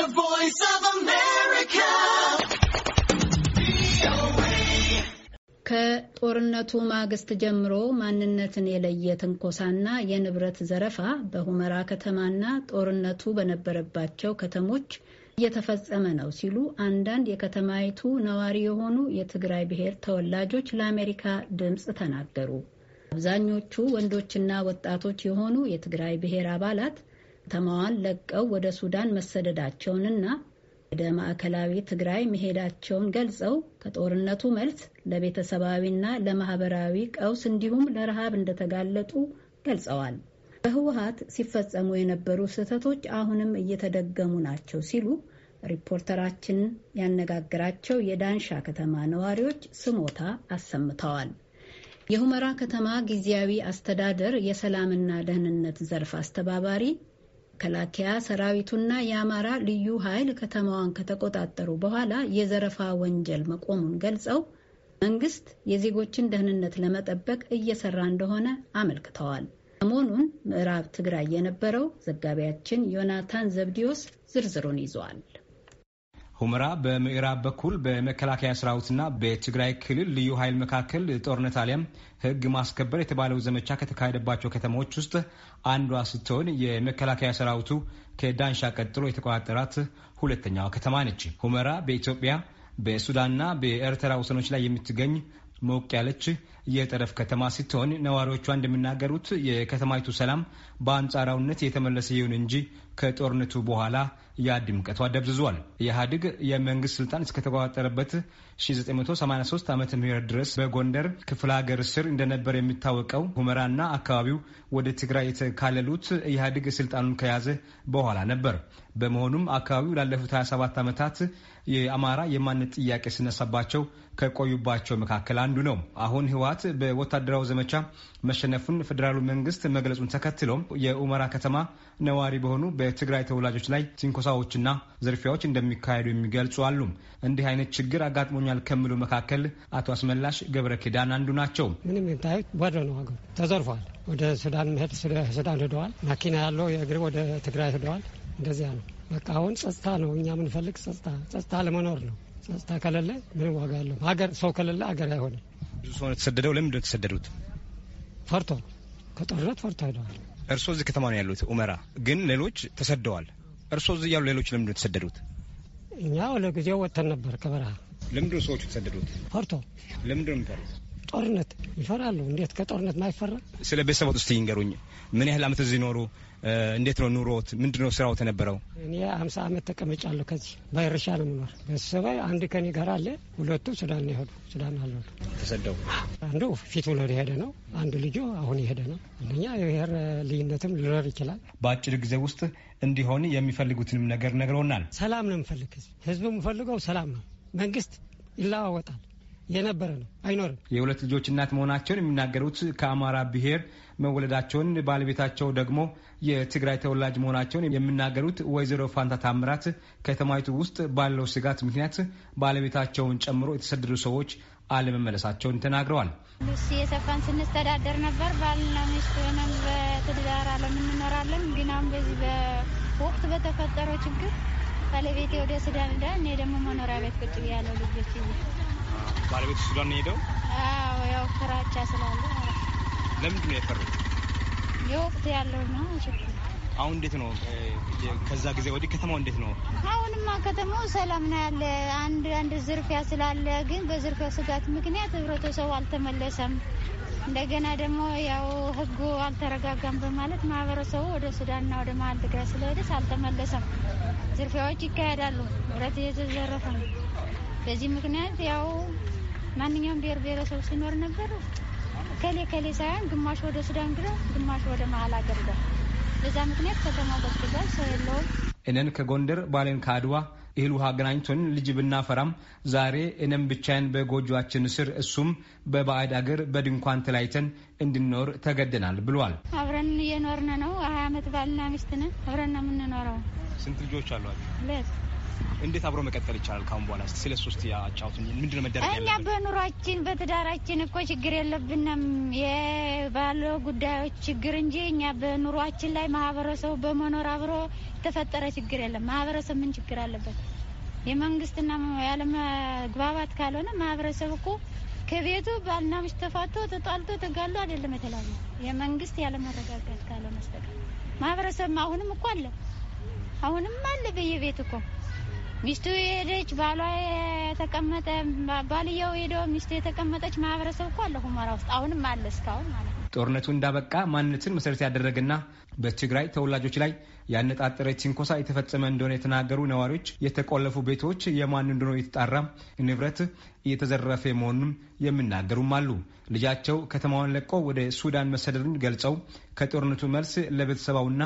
The Voice of America. ከጦርነቱ ማግስት ጀምሮ ማንነትን የለየ ትንኮሳና የንብረት ዘረፋ በሁመራ ከተማና ጦርነቱ በነበረባቸው ከተሞች እየተፈጸመ ነው ሲሉ አንዳንድ የከተማይቱ ነዋሪ የሆኑ የትግራይ ብሔር ተወላጆች ለአሜሪካ ድምፅ ተናገሩ። አብዛኞቹ ወንዶችና ወጣቶች የሆኑ የትግራይ ብሔር አባላት ከተማዋን ለቀው ወደ ሱዳን መሰደዳቸውንና ወደ ማዕከላዊ ትግራይ መሄዳቸውን ገልጸው ከጦርነቱ መልስ ለቤተሰባዊና ለማህበራዊ ቀውስ እንዲሁም ለረሃብ እንደተጋለጡ ገልጸዋል። በህወሀት ሲፈጸሙ የነበሩ ስህተቶች አሁንም እየተደገሙ ናቸው ሲሉ ሪፖርተራችን ያነጋግራቸው የዳንሻ ከተማ ነዋሪዎች ስሞታ አሰምተዋል። የሁመራ ከተማ ጊዜያዊ አስተዳደር የሰላምና ደህንነት ዘርፍ አስተባባሪ መከላከያ ሰራዊቱና የአማራ ልዩ ኃይል ከተማዋን ከተቆጣጠሩ በኋላ የዘረፋ ወንጀል መቆሙን ገልጸው መንግስት የዜጎችን ደህንነት ለመጠበቅ እየሰራ እንደሆነ አመልክተዋል። ሰሞኑን ምዕራብ ትግራይ የነበረው ዘጋቢያችን ዮናታን ዘብዲዮስ ዝርዝሩን ይዟል። ሁመራ በምዕራብ በኩል በመከላከያ ሰራዊትና በትግራይ ክልል ልዩ ኃይል መካከል ጦርነት አሊያም ሕግ ማስከበር የተባለው ዘመቻ ከተካሄደባቸው ከተሞች ውስጥ አንዷ ስትሆን የመከላከያ ሰራዊቱ ከዳንሻ ቀጥሎ የተቆጣጠራት ሁለተኛዋ ከተማ ነች። ሁመራ በኢትዮጵያ በሱዳንና በኤርትራ ወሰኖች ላይ የምትገኝ ሞቅ ያለች የጠረፍ ከተማ ስትሆን ነዋሪዎቿ እንደሚናገሩት የከተማይቱ ሰላም በአንጻራዊነት የተመለሰ ይሁን እንጂ ከጦርነቱ በኋላ ያ ድምቀቷ ደብዝዟል። ኢህአዴግ የመንግስት ስልጣን እስከተቆጣጠረበት 1983 ዓ ም ድረስ በጎንደር ክፍለ ሀገር ስር እንደነበር የሚታወቀው ሁመራና አካባቢው ወደ ትግራይ የተካለሉት ኢህአዴግ ስልጣኑን ከያዘ በኋላ ነበር። በመሆኑም አካባቢው ላለፉት 27 ዓመታት የአማራ የማንነት ጥያቄ ስነሳባቸው ከቆዩባቸው መካከል አንዱ ነው። አሁን ህወሀት በወታደራዊ ዘመቻ መሸነፉን ፌዴራሉ መንግስት መግለጹን ተከትሎ የኡመራ ከተማ ነዋሪ በሆኑ በትግራይ ተወላጆች ላይ ትንኮሳዎችና ዝርፊያዎች እንደሚካሄዱ የሚገልጹ አሉ። እንዲህ አይነት ችግር አጋጥሞኛል ከሚሉ መካከል አቶ አስመላሽ ገብረ ኪዳን አንዱ ናቸው። ምንም የምታዩት ወደ ነው ሀገሩ ተዘርፏል። ወደ ሱዳን መሄድ ሱዳን ሄደዋል። ማኪና ያለው የእግር ወደ ትግራይ ሄደዋል። እንደዚያ ነው። በቃ አሁን ጸጥታ ነው። እኛ የምንፈልግ ጸጥታ ጸጥታ ለመኖር ነው። ጸጥታ ከሌለ ምንም ዋጋ ያለው ሀገር ሰው ከሌለ ሀገር አይሆንም። ብዙ ሰው ነው የተሰደደው። ለምንድን ነው የተሰደዱት? ፈርቶ ከጦርነት ፈርቶ ሄደዋል። እርስዎ እዚህ ከተማ ነው ያሉት ኡመራ፣ ግን ሌሎች ተሰደዋል። እርስዎ እዚህ ያሉ ሌሎች ለምንድን ነው የተሰደዱት? እኛ ለጊዜው ወጥተን ነበር ከበረሃ። ለምንድን ነው ሰዎቹ የተሰደዱት? ፈርቶ። ለምንድን ነው የሚፈሩት? ጦርነት ይፈራሉ። እንዴት ከጦርነት ማይፈራ? ስለ ቤተሰቦት ውስጥ ይንገሩኝ። ምን ያህል አመት እዚህ ኖሩ? እንዴት ነው ኑሮት? ምንድነው ስራው ስራዎት የነበረው? እኔ አምሳ አመት ተቀመጫለሁ። ከዚህ ባይረሻ ነው ምኖር። ቤተሰብ አንድ ከኔ ጋር አለ። ሁለቱ ሱዳን የሄዱ ሱዳን አለሉ ተሰደው፣ አንዱ ፊት ብሎ የሄደ ነው። አንዱ ልጁ አሁን የሄደ ነው። እኛ የብሔር ልዩነትም ሊኖር ይችላል። በአጭር ጊዜ ውስጥ እንዲሆን የሚፈልጉትንም ነገር ነግረውናል። ሰላም ነው የምፈልግ ህዝብ የምፈልገው ሰላም ነው። መንግስት ይለዋወጣል የነበረ ነው፣ አይኖርም። የሁለት ልጆች እናት መሆናቸውን የሚናገሩት ከአማራ ብሔር መወለዳቸውን ባለቤታቸው ደግሞ የትግራይ ተወላጅ መሆናቸውን የሚናገሩት ወይዘሮ ፋንታ ታምራት ከተማይቱ ውስጥ ባለው ስጋት ምክንያት ባለቤታቸውን ጨምሮ የተሰደዱ ሰዎች አለመመለሳቸውን ተናግረዋል። ሉሲ የሰፋን ስንስተዳደር ነበር። ባልና ሚስት ሆነን በትዳር ዓለም እንኖራለን። ግን አሁን በዚህ በወቅት በተፈጠረው ችግር ባለቤቴ ወደ ሱዳን ሄዳ እኔ ደግሞ መኖሪያ ቤት ቁጭ ያለው ልጆች ባለቤቱ ሱዳን ነው የሄደው። ያው ፍራቻ ስላለ ለምንድን ነው የፈሩት? የወቅት ያለው ነው። አሁን እንዴት ነው? ከዛ ጊዜ ወዲህ ከተማው እንዴት ነው? አሁንማ ከተማው ሰላም ነው ያለ። አንድ አንድ ዝርፊያ ስላለ ግን በዝርፊያው ስጋት ምክንያት ህብረተሰቡ አልተመለሰም። እንደገና ደግሞ ያው ህጉ አልተረጋጋም በማለት ማህበረሰቡ ወደ ሱዳንና ወደ መሀል ትግራይ ስለሄደስ አልተመለሰም። ዝርፊያዎች ይካሄዳሉ። ብረት እየተዘረፈ ነው። በዚህ ምክንያት ያው ማንኛውም ብሔር ብሔረሰብ ሲኖር ነበር ከሌ ከሌ ሳይሆን ግማሽ ወደ ሱዳን ግረው ግማሽ ወደ መሀል አገር ጋር በዛ ምክንያት ከተማው በስቅዛል ሰው የለውም። እነን ከጎንደር ባሌን ከአድዋ እህል ውሃ አገናኝቶን ልጅ ብናፈራም ዛሬ እነም ብቻዬን በጎጆችን ስር እሱም በባዕድ አገር በድንኳን ተለያይተን እንድንኖር ተገደናል ብሏል። አብረን እየኖርን ነው። ሀያ አመት ባልና ሚስት ነን። አብረን ነው የምንኖረው። ስንት ልጆች አሏቸው? ሁለት እንዴት አብሮ መቀጠል ይቻላል? ካሁን በኋላ ስለ ሶስት ያጫውት ምንድን ነው መደረግ እኛ በኑሯችን በትዳራችን እኮ ችግር የለብንም የባለ ጉዳዮች ችግር እንጂ እኛ በኑሯችን ላይ ማህበረሰቡ በመኖር አብሮ የተፈጠረ ችግር የለም። ማህበረሰብ ምን ችግር አለበት? የመንግስትና ያለመግባባት ካልሆነ ማህበረሰብ እኮ ከቤቱ ባልና ሚስት ተፋቶ ተጣልቶ ተጋሉ አይደለም የተላለ የመንግስት ያለመረጋጋት ካልሆነ በስተቀር ማህበረሰብ አሁንም እኮ አለ አሁንም አለ በየቤት እኮ ሚስቱ የሄደች ባሏ የተቀመጠ ባልየው ሄዶ ሚስቱ የተቀመጠች ማህበረሰብ እኮ አለ ሁመራ ውስጥ አሁንም አለ እስካሁን ማለት ነው። ጦርነቱ እንዳበቃ ማንነትን መሰረት ያደረገና በትግራይ ተወላጆች ላይ ያነጣጠረ ትንኮሳ የተፈጸመ እንደሆነ የተናገሩ ነዋሪዎች የተቆለፉ ቤቶች የማን እንደሆነ የተጣራ ንብረት እየተዘረፈ መሆኑን የሚናገሩም አሉ። ልጃቸው ከተማውን ለቆ ወደ ሱዳን መሰደዱን ገልጸው ከጦርነቱ መልስ ለቤተሰባውና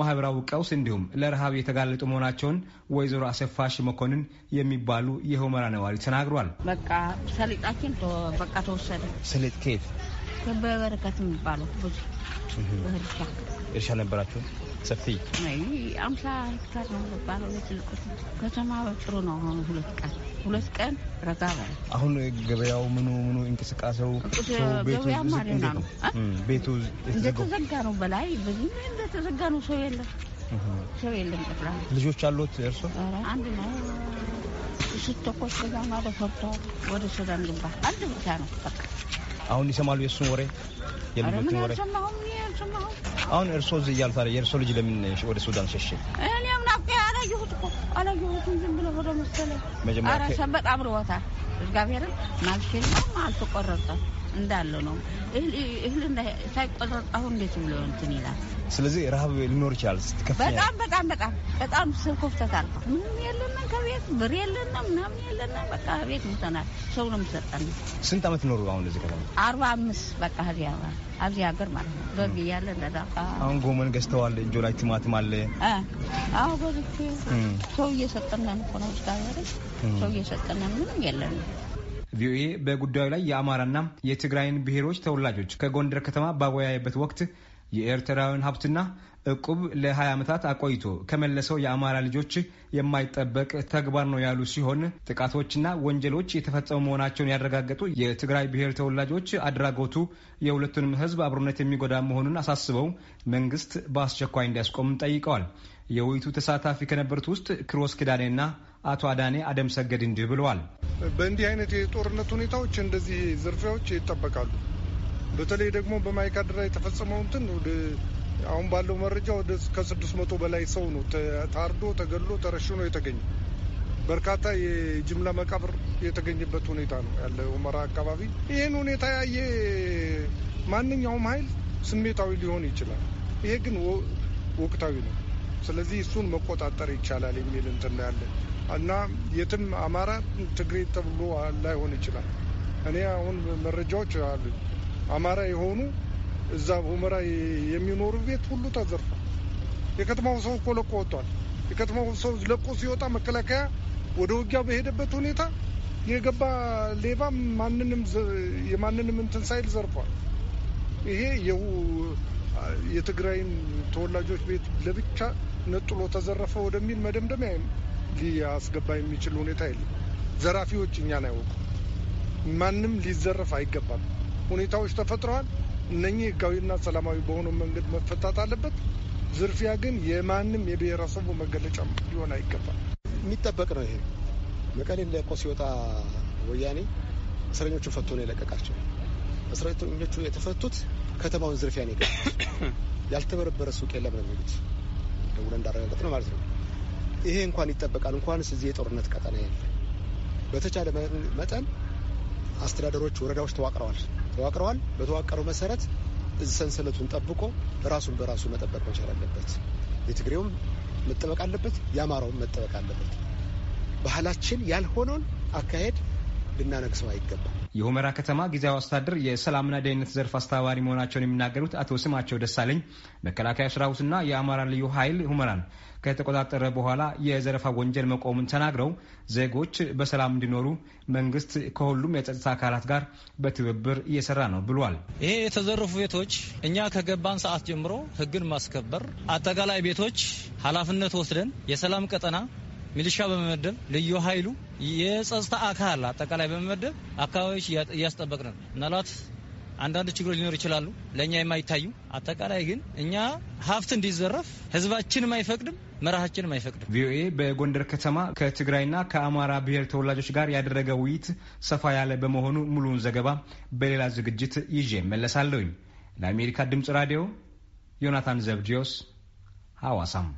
ማህበራዊ ቀውስ እንዲሁም ለረሃብ የተጋለጡ መሆናቸውን ወይዘሮ አሰፋሽ መኮንን የሚባሉ የሆመራ ነዋሪ ተናግሯል። በቃ ሰሊጣችን በቃ ተወሰደ። ሰሊጥ ኬት በበረከት የሚባለው ብዙ እርሻ እርሻ ነበራችሁ? ሰፊ አምሳ ሄክታር ነው የሚባለው የትልቁ ከተማ ጥሩ ነው። አሁን ሁለት ቀን ሁለት ቀን ረጋ በለ። አሁን ገበያው ምኑ ምኑ እንቅስቃሴው ገበያ ማሪና ነው። ቤቱ እንደተዘጋ ነው፣ በላይ በዚህ እንደተዘጋ ነው። ሰው የለም፣ ሰው የለም። ጠቅላ ልጆች አሉት እርሶ? አንድ ነው ስትተኮስ በዛ ማለ ፈርቶ ወደ ሱዳን ግንባር አንድ ብቻ ነው በቃ አሁን ይሰማሉ የእሱን ወሬ የሚሉትን ወሬ። አሁን እርሶ እዚህ እያሉት አለ የእርሶ ልጅ ለምን ወደ ሱዳን ሸሸ? እኔም ናቄ አላየሁት እኮ አላየሁትም። ዝም ብለ ወደ መሰለኝ መጀመሪያ አራሰ በጣም ርወታል። እግዚአብሔርን ማልሽል አልተቆረጠ እንዳለ ነው። እህል ሳይቆረጥ አሁን እንዴት ብሎ እንትን ይላል ስለዚህ ረሃብ ሊኖር ይችላል። በጣም በጣም በጣም በጣም ሰው ኮፍተታል። ምንም የለንም ከቤት ብር የለንም ምናምን የለንም። በቃ ቤት ሙተናል። ሰው ነው የሚሰጠን። ስንት አመት ኖሩ አሁን እዚህ ከተማ? አርባ አምስት በቃ ህዚ እዚህ ሀገር ማለት ነው። በግ እያለ እንደዛ አሁን ጎመን ገዝተዋል። እጆ ላይ ቲማቲም አለ። አዎ በልቼ ሰው እየሰጠነን እኮ ነው። እስካገር ሰው እየሰጠነን ምንም የለንም። ቪኦኤ በጉዳዩ ላይ የአማራና የትግራይን ብሔሮች ተወላጆች ከጎንደር ከተማ ባወያየበት ወቅት የኤርትራውያን ሀብትና እቁብ ለ20 ዓመታት አቆይቶ ከመለሰው የአማራ ልጆች የማይጠበቅ ተግባር ነው ያሉ ሲሆን ጥቃቶችና ወንጀሎች የተፈጸሙ መሆናቸውን ያረጋገጡ የትግራይ ብሔር ተወላጆች አድራጎቱ የሁለቱንም ሕዝብ አብሮነት የሚጎዳ መሆኑን አሳስበው መንግስት በአስቸኳይ እንዲያስቆም ጠይቀዋል። የውይይቱ ተሳታፊ ከነበሩት ውስጥ ክሮስ ኪዳኔና አቶ አዳኔ አደም ሰገድ እንዲህ ብለዋል። በእንዲህ አይነት የጦርነት ሁኔታዎች እንደዚህ ዝርፊያዎች ይጠበቃሉ። በተለይ ደግሞ በማይካድራ የተፈጸመው እንትን አሁን ባለው መረጃ ወደ ከስድስት መቶ በላይ ሰው ነው ታርዶ ተገሎ ተረሽኖ የተገኘ በርካታ የጅምላ መቃብር የተገኘበት ሁኔታ ነው ያለ ሁመራ አካባቢ። ይህን ሁኔታ ያየ ማንኛውም ኃይል ስሜታዊ ሊሆን ይችላል። ይሄ ግን ወቅታዊ ነው። ስለዚህ እሱን መቆጣጠር ይቻላል የሚል እንትን ያለ እና የትም አማራ ትግሬ ተብሎ ላይሆን ይችላል። እኔ አሁን መረጃዎች አሉኝ። አማራ የሆኑ እዛ ሁመራ የሚኖሩ ቤት ሁሉ ተዘርፏል። የከተማው ሰው እኮ ለቆ ወጥቷል። የከተማው ሰው ለቆ ሲወጣ መከላከያ ወደ ውጊያ በሄደበት ሁኔታ የገባ ሌባ ማንንም የማንንም እንትን ሳይል ዘርፏል። ይሄ የትግራይን ተወላጆች ቤት ለብቻ ነጥሎ ተዘረፈ ወደሚል መደምደሚያ ሊያስገባ የሚችል ሁኔታ የለም። ዘራፊዎች እኛን አያውቁ። ማንም ሊዘረፍ አይገባም። ሁኔታዎች ተፈጥረዋል። እነኚህ ህጋዊና ሰላማዊ በሆነ መንገድ መፈታት አለበት። ዝርፊያ ግን የማንም የብሔረሰቡ መገለጫ ሊሆን አይገባል። የሚጠበቅ ነው። ይሄ መቀሌ ለቆ ሲወጣ ወያኔ እስረኞቹን ፈቶ ነው የለቀቃቸው። እስረኞቹ የተፈቱት ከተማውን ዝርፊያ ነው የገቡት። ያልተበረበረ ሱቅ የለም ነው የሚሉት ደውለን እንዳረጋገጥ ነው ማለት ነው። ይሄ እንኳን ይጠበቃል። እንኳንስ እዚህ የጦርነት ቀጠና ያለ በተቻለ መጠን አስተዳደሮች፣ ወረዳዎች ተዋቅረዋል። ተዋቅረዋል። በተዋቀረው መሰረት ሰንሰለቱን ጠብቆ ራሱን በራሱ መጠበቅ መቻል አለበት። የትግሬውም መጠበቅ አለበት፣ የአማራውም መጠበቅ አለበት። ባህላችን ያልሆነውን አካሄድ ልናነግሰው አይገባም። የሁመራ ከተማ ጊዜያዊ አስተዳደር የሰላምና ደህንነት ዘርፍ አስተባባሪ መሆናቸውን የሚናገሩት አቶ ስማቸው ደሳለኝ መከላከያ ሰራዊትና የአማራ ልዩ ኃይል ሁመራን ከተቆጣጠረ በኋላ የዘረፋ ወንጀል መቆሙን ተናግረው ዜጎች በሰላም እንዲኖሩ መንግስት ከሁሉም የጸጥታ አካላት ጋር በትብብር እየሰራ ነው ብሏል። ይሄ የተዘረፉ ቤቶች እኛ ከገባን ሰዓት ጀምሮ ህግን ማስከበር አጠቃላይ ቤቶች ኃላፊነት ወስደን የሰላም ቀጠና ሚሊሻ በመመደብ ልዩ ኃይሉ የጸጥታ አካል አጠቃላይ በመመደብ አካባቢዎች እያስጠበቅ ነው። ምናልባት አንዳንድ ችግሮች ሊኖር ይችላሉ፣ ለእኛ የማይታዩ አጠቃላይ ግን እኛ ሀብት እንዲዘረፍ ህዝባችንም አይፈቅድም መርሃችንም አይፈቅድም። ቪኦኤ በጎንደር ከተማ ከትግራይና ከአማራ ብሔር ተወላጆች ጋር ያደረገ ውይይት ሰፋ ያለ በመሆኑ ሙሉውን ዘገባ በሌላ ዝግጅት ይዤ መለሳለሁኝ። ለአሜሪካ ድምፅ ራዲዮ ዮናታን ዘብዲዮስ ሐዋሳም